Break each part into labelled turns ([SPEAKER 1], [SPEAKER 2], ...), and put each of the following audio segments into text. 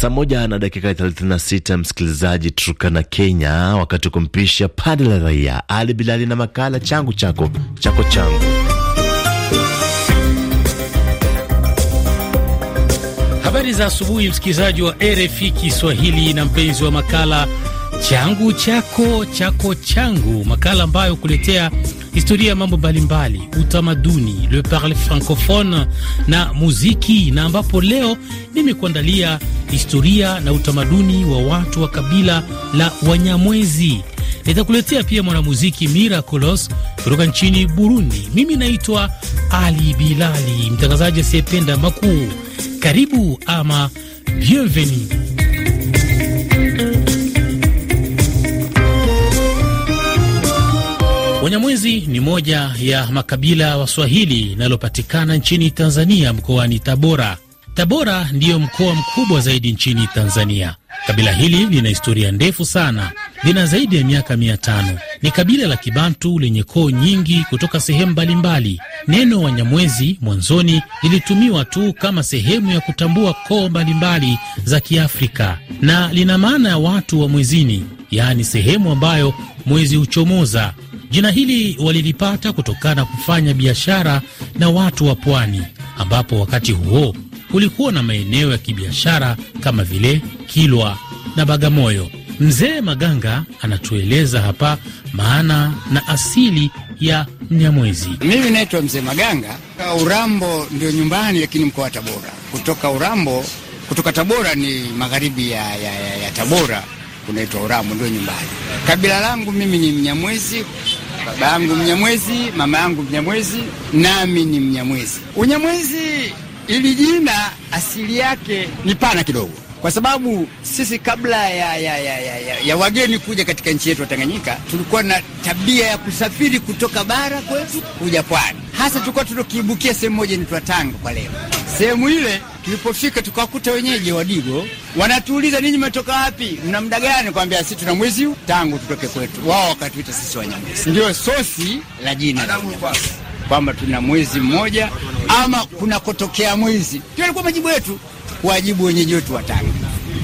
[SPEAKER 1] Saa moja na dakika 36, msikilizaji Turkana, Kenya, wakati kumpisha pande la raia Ali Bilali na makala changu chako chako changu. Habari za
[SPEAKER 2] asubuhi, msikilizaji wa RFI Kiswahili na mpenzi wa makala changu chako chako changu, makala ambayo kuletea historia ya mambo mbalimbali, utamaduni, le parle francophone na muziki, na ambapo leo nimekuandalia historia na utamaduni wa watu wa kabila la Wanyamwezi. Nitakuletea pia mwanamuziki Miraculous kutoka nchini Burundi. Mimi naitwa Ali Bilali, mtangazaji asiyependa makuu. Karibu ama bienvenue. Wanyamwezi ni moja ya makabila Waswahili linalopatikana nchini Tanzania mkoani Tabora. Tabora ndiyo mkoa mkubwa zaidi nchini Tanzania. Kabila hili lina historia ndefu sana, lina zaidi ya miaka mia tano. Ni kabila la Kibantu lenye koo nyingi kutoka sehemu mbalimbali. Neno Wanyamwezi mwanzoni lilitumiwa tu kama sehemu ya kutambua koo mbalimbali za Kiafrika, na lina maana ya watu wa mwezini, yaani sehemu ambayo mwezi huchomoza Jina hili walilipata kutokana na kufanya biashara na watu wa pwani, ambapo wakati huo kulikuwa na maeneo ya kibiashara kama vile Kilwa na Bagamoyo. Mzee Maganga anatueleza hapa maana na asili ya Mnyamwezi.
[SPEAKER 3] Mimi naitwa Mzee Maganga. Urambo ndio nyumbani, lakini mkoa wa Tabora. Kutoka Urambo, kutoka Tabora ni magharibi ya, ya, ya, ya Tabora kunaitwa Urambo, ndio nyumbani. Kabila langu mimi ni Mnyamwezi, baba yangu Mnyamwezi, mama yangu Mnyamwezi, nami ni Mnyamwezi. Unyamwezi ili jina asili yake ni pana kidogo, kwa sababu sisi kabla ya, ya, ya, ya, ya, ya wageni kuja katika nchi yetu ya Tanganyika tulikuwa na tabia ya kusafiri kutoka bara kwetu kuja pwani, hasa tulikuwa tunakiibukia sehemu moja inaitwa Tanga kwa leo Sehemu ile tulipofika tukawakuta wenyeji Wadigo wanatuuliza ninyi mmetoka wapi, mna muda gani? Kwambia sisi tuna mwezi tangu tutoke kwetu, wao wakatuita sisi Wanyamwezi. Ndio sosi la jina kwamba tuna mwezi mmoja ama kuna kotokea mwezi. Ndio alikuwa majibu yetu, kuwajibu wenyeji wetu watano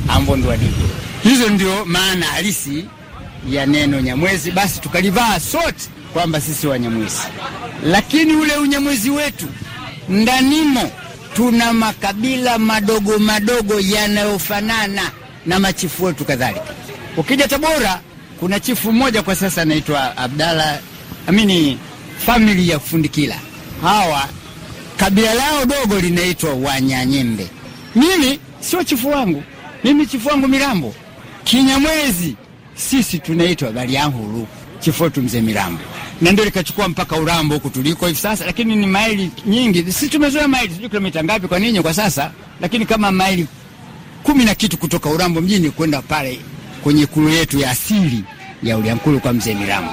[SPEAKER 3] ambao ndio Wadigo. Hizo ndio maana halisi ya neno Nyamwezi. Basi tukalivaa sote kwamba sisi Wanyamwezi, lakini ule unyamwezi wetu ndanimo tuna makabila madogo madogo yanayofanana na machifu wetu kadhalika. Ukija Tabora kuna chifu mmoja kwa sasa anaitwa abdala Amini, famili ya Fundikila. Hawa kabila lao dogo linaitwa Wanyanyembe. Mimi sio chifu wangu, mimi chifu wangu Mirambo. Kinyamwezi sisi tunaitwa Balianguru, chifu wetu mzee Mirambo na ndio likachukua mpaka Urambo huku tuliko hivi sasa, lakini ni maili nyingi. Sisi tumezoea maili, sijui kilomita ngapi kwa ninyi kwa sasa, lakini kama maili kumi na kitu kutoka Urambo mjini kwenda pale kwenye kulu yetu ya asili ya Uliankulu kwa mzee Mirambo.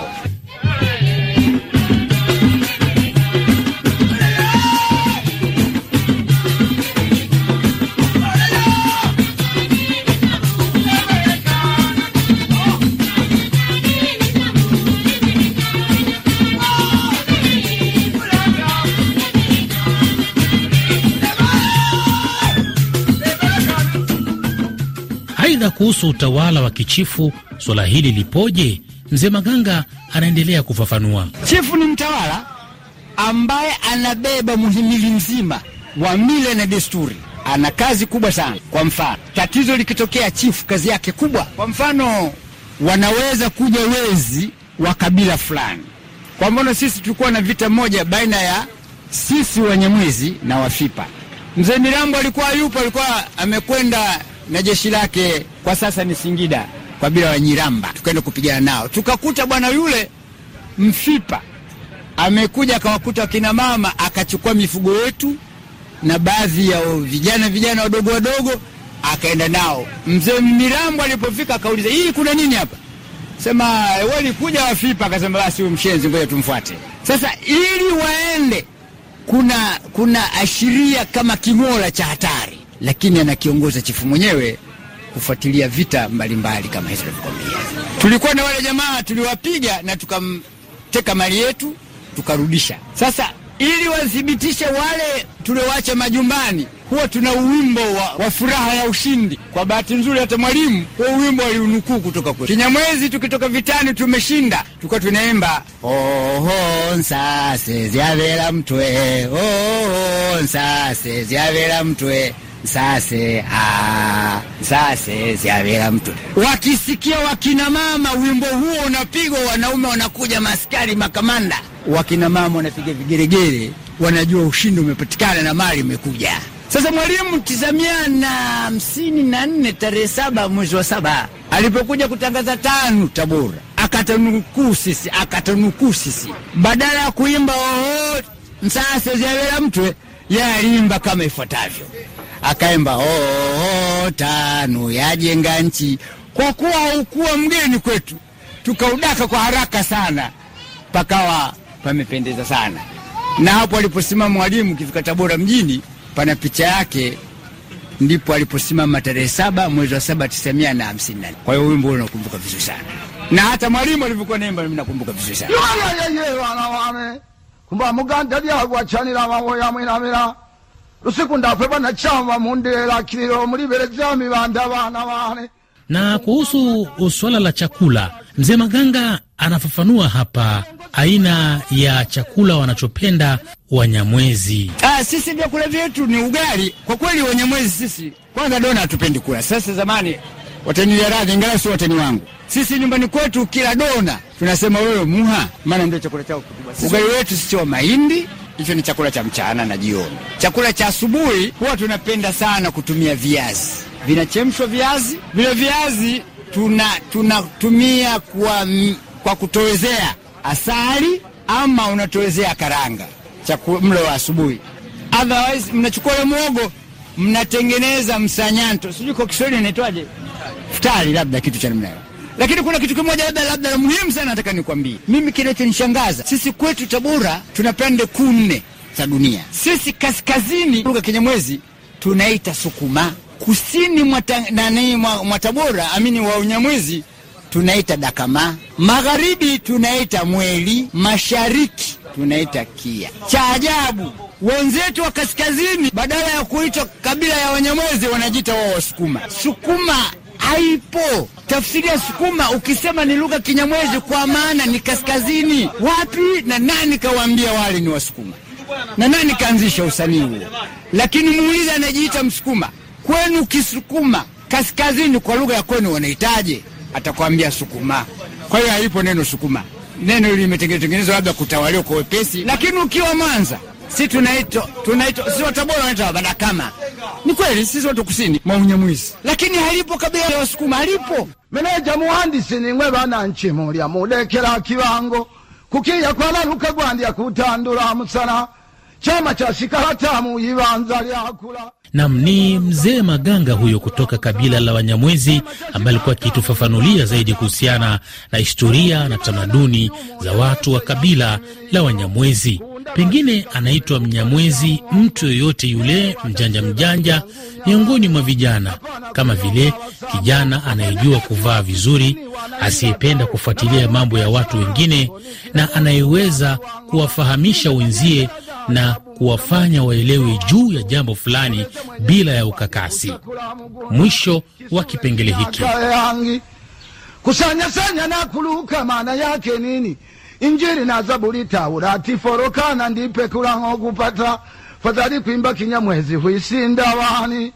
[SPEAKER 2] Aidha, kuhusu utawala wa kichifu, swala hili lipoje? Mzee Maganga anaendelea kufafanua.
[SPEAKER 3] Chifu ni mtawala ambaye anabeba muhimili mzima wa mila na desturi, ana kazi kubwa sana. Kwa mfano, tatizo likitokea, chifu kazi yake kubwa, kwa mfano, wanaweza kuja wezi wa kabila fulani. Kwa mfano, sisi tulikuwa na vita moja baina ya sisi Wanyamwezi na Wafipa. Mzee Mirambo alikuwa yupo, alikuwa amekwenda na jeshi lake kwa sasa ni Singida kwa bila wa Nyiramba, tukaenda kupigana nao, tukakuta bwana yule Mfipa amekuja akawakuta wakina mama, akachukua mifugo yetu na baadhi ya vijana vijana wadogo wadogo akaenda nao. Mzee Mirambo alipofika akauliza, hii kuna nini hapa? Sema eh, walikuja Wafipa. Akasema basi huyu mshenzi, ngoja tumfuate. Sasa ili waende, kuna kuna ashiria kama king'ola cha hatari lakini anakiongoza chifu mwenyewe kufuatilia vita mbalimbali kama hizo nilivyokuambia. Tulikuwa na wale jamaa tuliwapiga na tukamteka mali yetu tukarudisha. Sasa ili wathibitishe wale tuliowacha majumbani, huwa tuna uwimbo wa, wa furaha ya ushindi. Kwa bahati nzuri, hata mwalimu huo uwimbo aliunukuu kutoka kwetu Kinyamwezi. Tukitoka vitani tumeshinda, tulikuwa tunaimba oho nsase zyavela mtwe oho nsase zyavela mtwe sasa ah, sasa siavila mtu wakisikia wakina mama wimbo huo unapigwa, wanaume wanakuja, maskari makamanda, wakina mama wanapiga vigeregere, wanajua ushindi umepatikana na mali imekuja. Sasa Mwalimu tisamia na hamsini na nne tarehe saba mwezi wa saba alipokuja kutangaza tano Tabora, akatanukuu sisi, akatanukuu sisi, badala ya kuimba oho, msasa siavila mtu, yeye kama ifuatavyo akaimba oo tano yajenga nchi. Kwa kuwa haukuwa mgeni kwetu, tukaudaka kwa haraka sana, pakawa pamependeza sana. Na hapo aliposimama Mwalimu kifika Tabora mjini, pana picha yake, ndipo aliposimama tarehe saba mwezi wa saba tisa mia na hamsini na nane. Kwa hiyo wimbo unakumbuka vizuri sana, na hata mwalimu alivyokuwa naimba mimi nakumbuka vizuri sana kumba muganda lyagwachanila lusiku ndafeba nachama mundelakililo mulibeleza mibanda bana bane.
[SPEAKER 2] Na kuhusu swala la chakula, mzee Maganga anafafanua hapa aina ya chakula wanachopenda Wanyamwezi.
[SPEAKER 3] Ah, sisi vyakula vyetu ni ugali kwa kweli. Wanyamwezi sisi kwanza dona hatupendi kula. Sasa zamani watani ya radhi, ingawa sio wangu, sisi nyumbani kwetu kila dona tunasema wewe muha, maana ndio chakula chao kikubwa. Ugali wetu sisi wa mahindi hicho ni chakula cha mchana na jioni. Chakula cha asubuhi huwa tunapenda sana kutumia viazi, vinachemshwa viazi vile. Viazi tunatumia tuna kwa, kwa kutowezea asali ama unatowezea karanga, mlo wa asubuhi. Otherwise mnachukua ule mwogo mnatengeneza msanyanto, sijui kwa Kiswahili inaitwaje, futari labda kitu cha namna hiyo lakini kuna kitu kimoja labda labda la muhimu sana nataka nikwambie. Mimi kinachonishangaza sisi kwetu Tabora tuna pande kuu nne za dunia. Sisi kaskazini lugha Kinyamwezi tunaita Sukuma, kusini mwa Tabora amini wa Unyamwezi tunaita Dakama, magharibi tunaita Mweli, mashariki tunaita Kia. Cha ajabu wenzetu wa kaskazini badala ya kuitwa kabila ya Wanyamwezi wanajiita wao Wasukuma. Sukuma haipo. Tafsiri ya Sukuma ukisema ni lugha Kinyamwezi, kwa maana ni kaskazini. Wapi na nani kawaambia wale ni Wasukuma na nani kaanzisha usanii huo? Lakini muulize anajiita Msukuma, kwenu Kisukuma kaskazini, kwa lugha ya kwenu wanahitaje? Atakwambia Sukuma. Kwa hiyo haipo neno Sukuma, neno hili limetengenezwa labda kutawaliwa kwa wepesi, lakini ukiwa Mwanza si tunaitwa tunaitwa sisi Watabora wanaitwa Wabadakama. Ni kweli sisi watu kusini mwa lakini halipo kabila la Wasukuma halipo. Meneja muhandisi ningwe bananchi mulya mulekera kibango kukiya kwalaluka gwandya kutandula musana chama cha Shikaratamu ibanza lyakula.
[SPEAKER 2] Nam ni mzee Maganga huyo kutoka kabila la Wanyamwezi ambaye alikuwa akitufafanulia zaidi kuhusiana na historia na tamaduni za watu wa kabila la Wanyamwezi. Pengine anaitwa Mnyamwezi mtu yoyote yule, mjanja mjanja miongoni mwa vijana, kama vile kijana anayejua kuvaa vizuri, asiyependa kufuatilia mambo ya watu wengine, na anayeweza kuwafahamisha wenzie na kuwafanya waelewe juu ya jambo fulani bila ya ukakasi. Mwisho wa kipengele hiki.
[SPEAKER 3] Kusanyasanya na kuluka maana yake nini? Injili na Zaburi, Taurati, forokana ndipekula kupata fadhali kwimba kinyamwezi huisindawani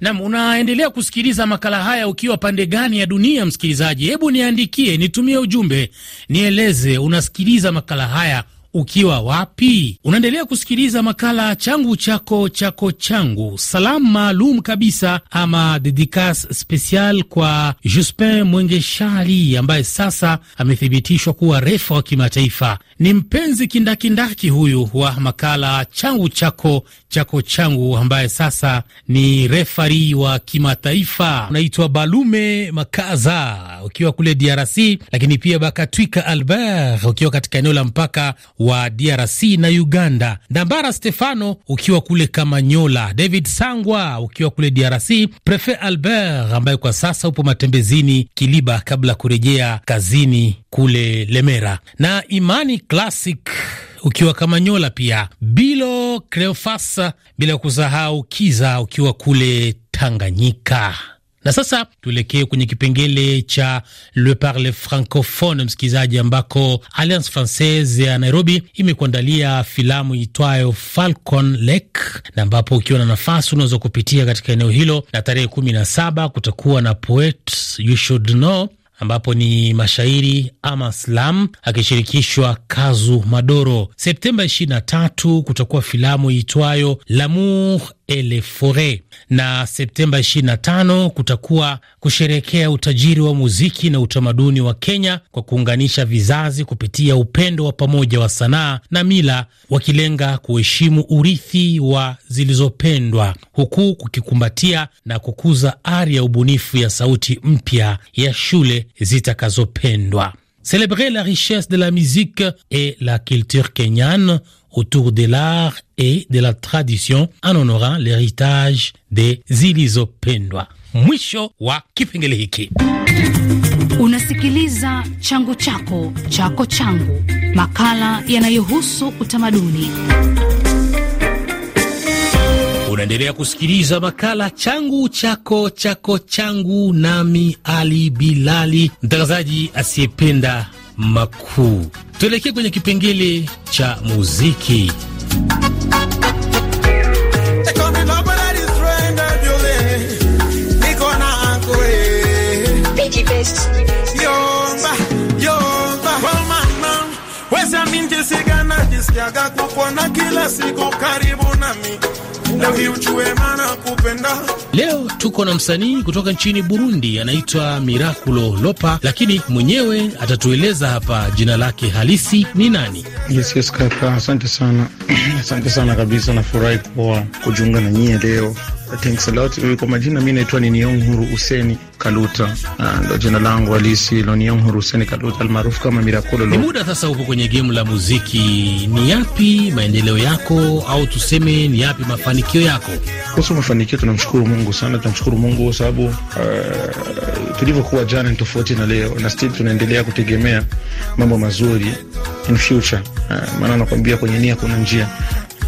[SPEAKER 2] Nam, unaendelea kusikiliza makala haya ukiwa pande gani ya dunia, msikilizaji? Hebu niandikie, nitumie ujumbe, nieleze unasikiliza makala haya ukiwa wapi? Unaendelea kusikiliza makala changu chako chako changu, salamu maalum kabisa ama dedicas special kwa Juspin Mwengeshali ambaye sasa amethibitishwa kuwa refa wa kimataifa. Ni mpenzi kindakindaki huyu wa makala changu chako chako changu, ambaye sasa ni refari wa kimataifa. Unaitwa Balume Makaza ukiwa kule DRC, lakini pia Bakatwika Albert ukiwa katika eneo la mpaka wa DRC na Uganda, Ndambara Stefano ukiwa kule Kamanyola, David Sangwa ukiwa kule DRC, Prefet Albert ambaye kwa sasa upo matembezini Kiliba kabla ya kurejea kazini kule Lemera, na Imani Classic ukiwa Kamanyola pia, Bilo Cleofasa, bila kusahau Kiza ukiwa kule Tanganyika. Na sasa tuelekee kwenye kipengele cha Le Parle Francophone, msikilizaji, ambako Alliance Francaise ya Nairobi imekuandalia filamu itwayo Falcon Lake, na ambapo ukiwa na nafasi unaweza kupitia katika eneo hilo, na tarehe kumi na saba kutakuwa na Poet You Should Know ambapo ni mashairi ama slam akishirikishwa Kazu Madoro. Septemba 23 kutakuwa filamu iitwayo Lamour et les na Septemba 25 kutakuwa kusherekea utajiri wa muziki na utamaduni wa Kenya kwa kuunganisha vizazi kupitia upendo wa pamoja wa sanaa na mila, wakilenga kuheshimu urithi wa zilizopendwa, huku kukikumbatia na kukuza ari ya ubunifu ya sauti mpya ya shule zitakazopendwa. Celebrer la richesse de la musique et la culture kenyane autour de l'art et de la tradition en honorant l'héritage de zilizopendwa. Mwisho wa kipengele hiki.
[SPEAKER 1] Unasikiliza changu chako chako changu, makala yanayohusu utamaduni.
[SPEAKER 2] Unaendelea kusikiliza makala changu chako chako changu, nami Ali Bilali, mtangazaji asiyependa makuu. Tuelekee kwenye kipengele cha muziki.
[SPEAKER 4] Kwa minjesigana kila siku karibu nami
[SPEAKER 2] Leo tuko na msanii kutoka nchini Burundi anaitwa Miraculo Lopa, lakini mwenyewe atatueleza hapa jina lake halisi ni nani.
[SPEAKER 5] Yes, yes, kaka, asante sana asante sana kabisa, nafurahi kuwa kujiunga na nyie leo Thanks a lot. Kwa majina mi naitwa ni Nionghuru Huseni Kaluta. Ah, Ndio jina langu halisi Huseni Kaluta almaarufu kama Mirakolo. Ni muda
[SPEAKER 2] sasa upo kwenye gemu la muziki. Ni yapi maendeleo yako au tuseme ni yapi mafanikio yako?
[SPEAKER 5] Kuhusu mafanikio tunamshukuru Mungu sana, tunamshukuru Mungu kwa sababu uh, tulivyokuwa jana ni tofauti na leo na still tunaendelea kutegemea mambo mazuri in future. Uh, maana nakwambia kwenye nia kuna njia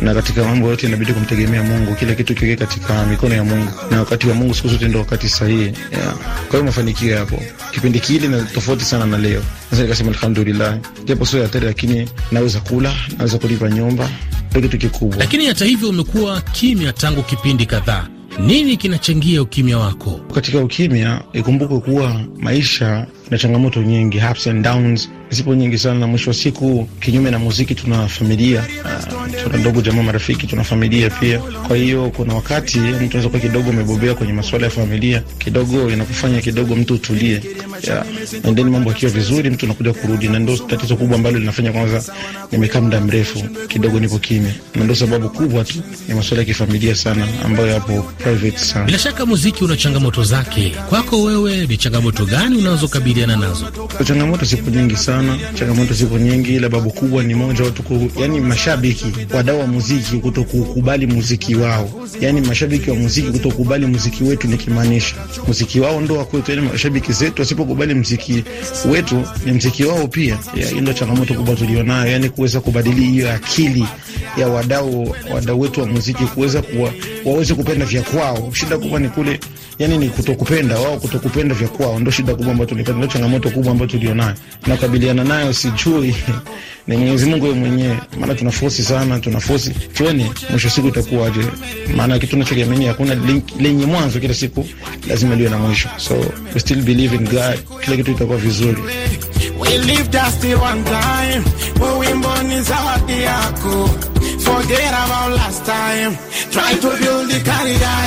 [SPEAKER 5] na katika mambo yote inabidi kumtegemea Mungu, kila kitu kiweke katika mikono ya Mungu, na wakati wa Mungu siku zote ndio wakati sahihi yeah. Kwa hiyo mafanikio yapo kipindi kile na tofauti sana na leo. Sasa nikasema alhamdulillah, japo sio hatari, lakini naweza kula, naweza kulipa nyumba, ndio kitu kikubwa.
[SPEAKER 2] Lakini hata hivyo umekuwa kimya tangu
[SPEAKER 5] kipindi kadhaa. Nini kinachangia ukimya wako? Katika ukimya, ikumbuke kuwa maisha na changamoto nyingi, ups and downs zipo nyingi sana, na mwisho wa siku, kinyume na muziki, tuna familia uh, tuna ndugu jamaa, marafiki, tuna familia pia. Kwa hiyo kuna wakati mtu anaweza kuwa kidogo umebobea kwenye masuala ya familia, kidogo inakufanya kidogo mtu utulie, yeah. And then mambo akiwa vizuri, mtu anakuja kurudi, na ndo tatizo kubwa ambalo linafanya kwanza, nimekaa muda mrefu kidogo, nipo kimya, na ndo sababu kubwa tu ni masuala ya kifamilia sana ambayo yapo private sana.
[SPEAKER 2] Bila shaka muziki una changamoto zake,
[SPEAKER 5] kwako wewe ni changamoto gani unazokabili? kukabiliana nazo? Changamoto zipo nyingi sana, changamoto zipo nyingi, ila babu kubwa ni moja, watu yani mashabiki wadau wa muziki kutokukubali muziki wao, yani mashabiki wa muziki kutokubali muziki wetu, nikimaanisha muziki wao ndo wa kwetu, yani mashabiki zetu wasipokubali muziki wetu ni muziki wao pia. Hii ndo changamoto kubwa tulionayo, yani kuweza kubadili hiyo akili ya wadau wadau wetu wa muziki kuweza kuwa waweze kupenda vya kwao. Shida kubwa ni kule yani ni kutokupenda wao, kutokupenda vya kwao ndio shida kubwa ambayo tulipata, changamoto kubwa ambayo tulionayo na kukabiliana nayo, sijui ni Mwenyezi Mungu yeye mwenyewe, maana tuna force sana, tuna force tuone mwisho siku itakuwa aje, maana kitu tunachokiamini hakuna lenye mwanzo, kila siku lazima liwe na mwisho, so we still believe in God, kila kitu itakuwa vizuri.
[SPEAKER 4] We live just one time, we wimbo ni zawadi yako, forget about last time, try to build the career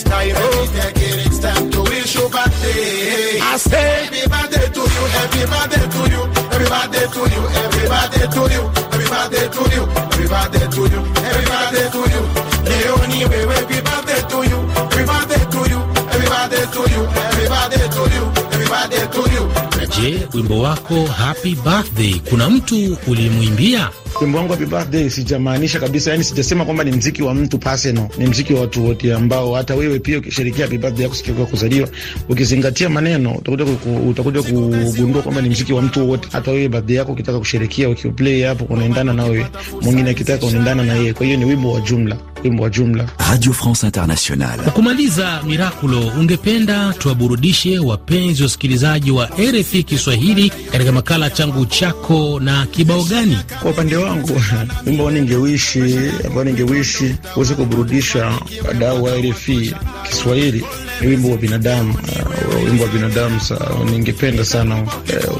[SPEAKER 4] this time. Every decade it's time to wish you birthday. I say, happy birthday to you, happy birthday to you, happy birthday to you, happy birthday to you, happy birthday to you, happy birthday to you, happy birthday to you. Leonie, baby, happy birthday to you, happy birthday to you, happy birthday to you, happy birthday to you, happy birthday to you.
[SPEAKER 2] Je, wimbo wako happy birthday kuna mtu ulimwimbia?
[SPEAKER 5] wimbo wangu Happy Birthday sijamaanisha kabisa, yani sijasema kwamba ni mziki wa mtu personal, ni mziki wa watu wote ambao hata wewe pia ukisherekea Happy Birthday yako siku kuzaliwa, ukizingatia maneno utakuja utakuja kugundua kwamba ni mziki wa mtu wote. Hata wewe birthday yako ukitaka kusherekea, ukiplay hapo unaendana na wewe, mwingine akitaka unaendana na yeye. Kwa hiyo ni wimbo wa jumla wimbo wa jumla.
[SPEAKER 3] Radio France Internationale. Kwa
[SPEAKER 5] kumaliza,
[SPEAKER 2] Miraculo, ungependa tuwaburudishe wapenzi wasikilizaji wa RFI Kiswahili katika makala changu chako na kibao gani?
[SPEAKER 5] Kwa upande wangu wimbo ningewishi ambao ningewishi uweze kuburudisha wadau wa RFI Kiswahili ni wimbo wa binadamu, uh, wimbo wa binadamu sa, ningependa sana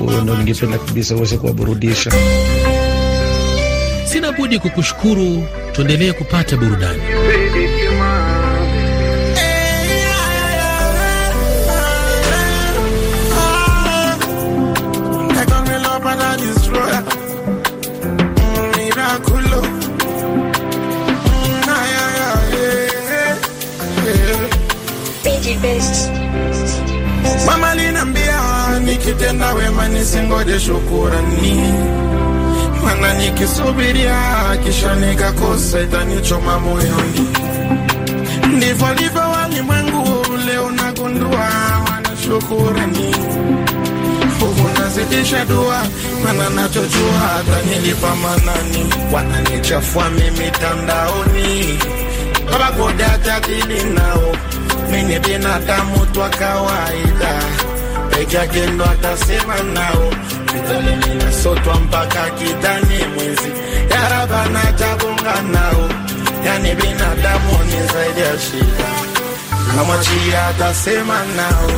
[SPEAKER 5] uh, ndo ningependa kabisa uweze kuwaburudisha.
[SPEAKER 2] Sina budi kukushukuru tuendelee kupata burudani.
[SPEAKER 4] Mama linambia nikitenda wema nisingoje shukurani sana nikisubiria, kisha nikakosa, itanichoma moyoni. Ndivyo alivyo walimwengu, leo nagundua wana shukurani. Huku nazidisha dua, mana nachojua hata nilipa manani. Wananichafua mimi mitandaoni, wabagoda jadili nao. Mimi binadamu twa kawaida, peke yake ndo atasema nao sotwa mpaka kidani mwezi yaraba na tabunga nao, yani binadamu ni zaidi ya shida, namwachia atasema nao.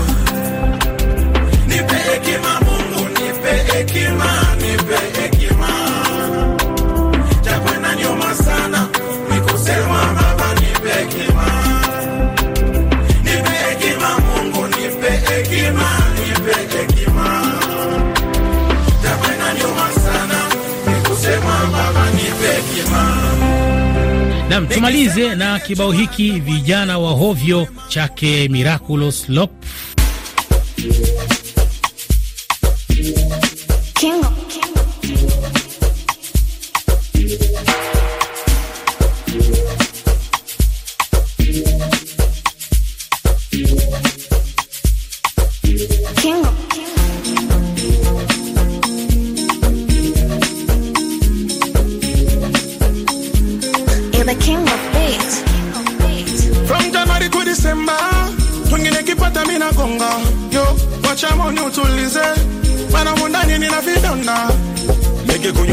[SPEAKER 4] Nipe hekima Mungu, nipe hekima, nipe hekima
[SPEAKER 2] Tumalize na kibao hiki vijana wa hovyo chake Miraculous Lop.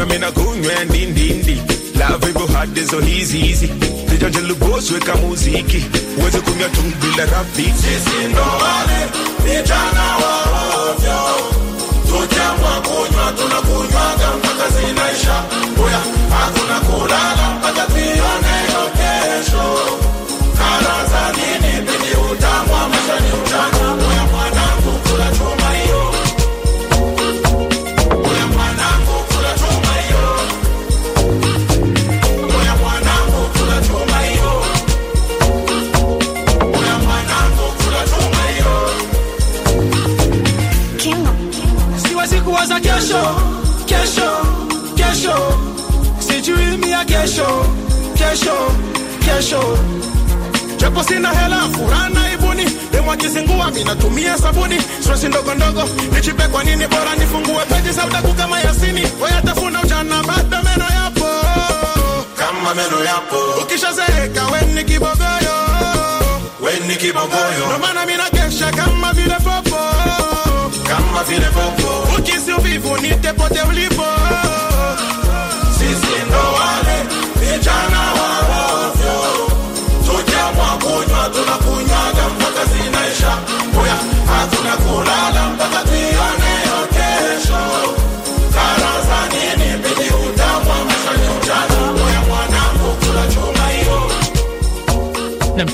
[SPEAKER 4] kunywa mimi na kunywa ndindindi love hivyo hadi zo hizi hizi vijanja lugosi weka muziki uweze kunywa tu bila rafiki sisi ndo wale vijana wa ovyo tukiamwa kunywa tunakunywaga mpaka zinaisha oya hakuna kulala mpaka tuioneyo kesho kulimia kesho kesho kesho, japo sina hela furana ibuni demwa kizingua minatumia sabuni stresi ndogo ndogo nichipe kwa nini bora nifungue peji za udaku kama Yasini wayatafuna ujana bado meno yapo kama meno yapo, ukishazeeka we ni kibogoyo we ni kibogoyo, ndo maana mina kesha kama vile popo kama vile popo, ukisi uvivu nitepote ulipo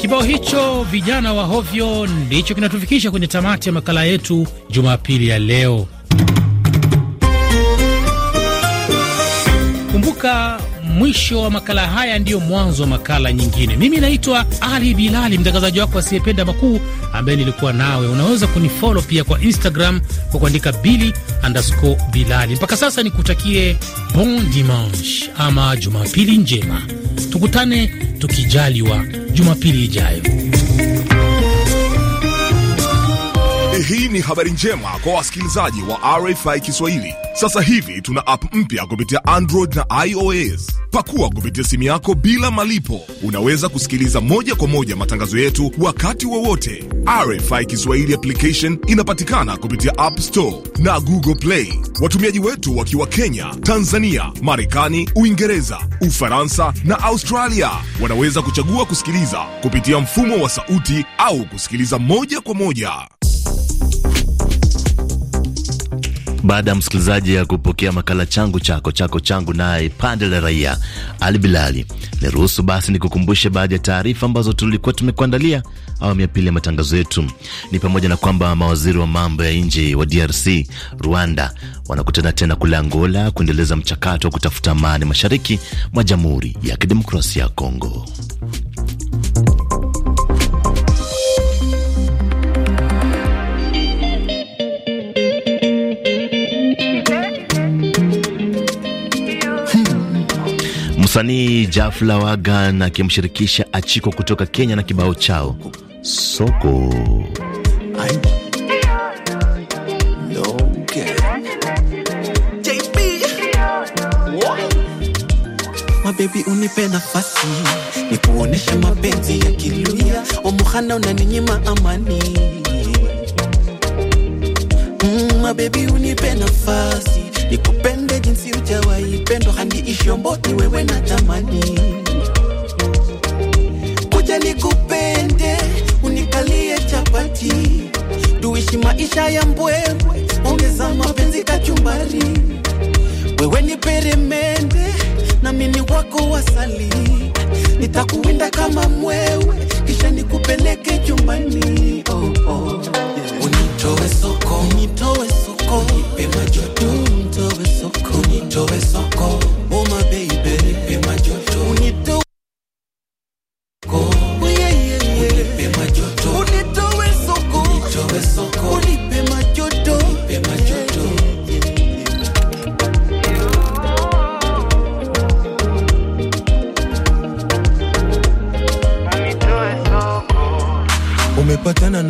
[SPEAKER 2] Kibao hicho vijana wa hovyo ndicho kinatufikisha kwenye tamati ya makala yetu jumapili ya leo. Kumbuka mwisho wa makala haya ndiyo mwanzo wa makala nyingine. Mimi naitwa Ali Bilali, mtangazaji wako asiyependa makuu, ambaye nilikuwa nawe. Unaweza kunifolo pia kwa Instagram kwa kuandika bili underscore bilali. Mpaka sasa nikutakie bon dimanche ama jumapili njema, tukutane tukijaliwa jumapili ijayo.
[SPEAKER 4] Hii ni habari njema kwa wasikilizaji wa RFI Kiswahili. Sasa hivi tuna app mpya kupitia Android na iOS. Pakua kupitia simu yako bila malipo. Unaweza kusikiliza moja kwa moja matangazo yetu wakati wowote. wa RFI Kiswahili application inapatikana kupitia App Store na Google Play. Watumiaji wetu wakiwa Kenya, Tanzania, Marekani, Uingereza, Ufaransa na Australia wanaweza kuchagua kusikiliza kupitia mfumo wa sauti au kusikiliza moja kwa moja.
[SPEAKER 1] baada ya msikilizaji ya kupokea makala changu chako chako changu, naye pande la raia Ali Bilali, niruhusu basi nikukumbushe baadhi ya taarifa ambazo tulikuwa tumekuandalia awamu ya pili ya matangazo yetu. Ni pamoja na kwamba mawaziri wa mambo ya nje wa DRC, Rwanda wanakutana tena kule Angola kuendeleza mchakato wa kutafuta amani mashariki mwa Jamhuri ya Kidemokrasia ya Kongo. Msanii Jafla Wagan akimshirikisha Achiko kutoka Kenya na kibao chao soko I'm... Mabebi
[SPEAKER 4] unipe nafasi nikuonesha mapenzi ya kiluya wamuhana unaninyima amani mm, mabebi unipe nafasi nikupe jinsi ujawahi handi hadi ishomboti wewe na tamani kuja nikupende, unikalie chapati, tuishi maisha ya mbwembwe, ongeza mapenzi kachumbari, wewe ni peremende na mimi wako wasali, nitakuwinda kama mwewe kisha nikupeleke chumbani. Oh, oh, yeah. Unitoe soko, unitoe soko, nipe majoto 했었고 그 저조했고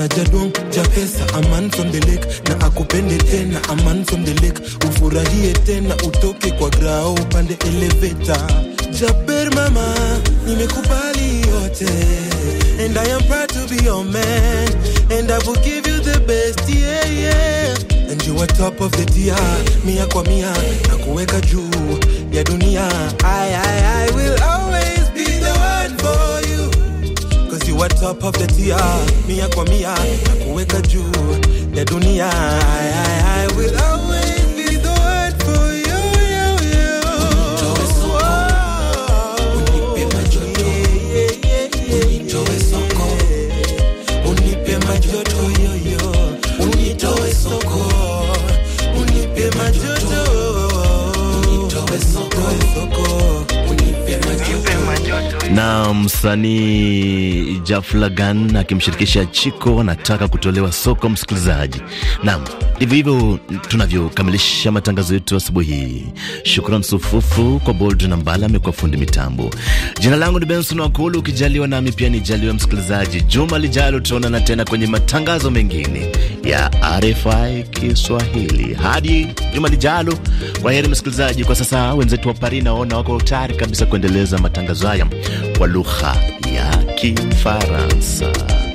[SPEAKER 4] jadong ja pesa aman from the lake na akupende tena aman from the lake ufurahie tena utoke kwa grao upande eleveta jaber mama nimekubali yote and I am proud to be your man and I will give you the best yeah, yeah. and you are top of the tier mia kwa mia na kuweka juu ya dunia I, I, I will always wa top of the tier, ah. mia kwa mia, ah. na kuweka juu ya dunia. I, I, I will always be the for you, unitoe soko
[SPEAKER 1] na msanii Jaflagan akimshirikisha Chiko anataka kutolewa soko. Msikilizaji, naam, ndivyo hivyo tunavyokamilisha matangazo yetu asubuhi hii. Shukran sufufu kwa Bold na Mbala, amekuwa fundi mitambo. Jina langu ni Benson Wakulu, ukijaliwa nami pia nijaliwe. Msikilizaji, juma lijalo tutaonana tena kwenye matangazo mengine ya RFI Kiswahili. Hadi juma lijalo, kwa heri msikilizaji. Kwa sasa wenzetu wa Paris naona wako tayari kabisa kuendeleza matangazo haya. kwa Lucha Yaki, aqui Faransa.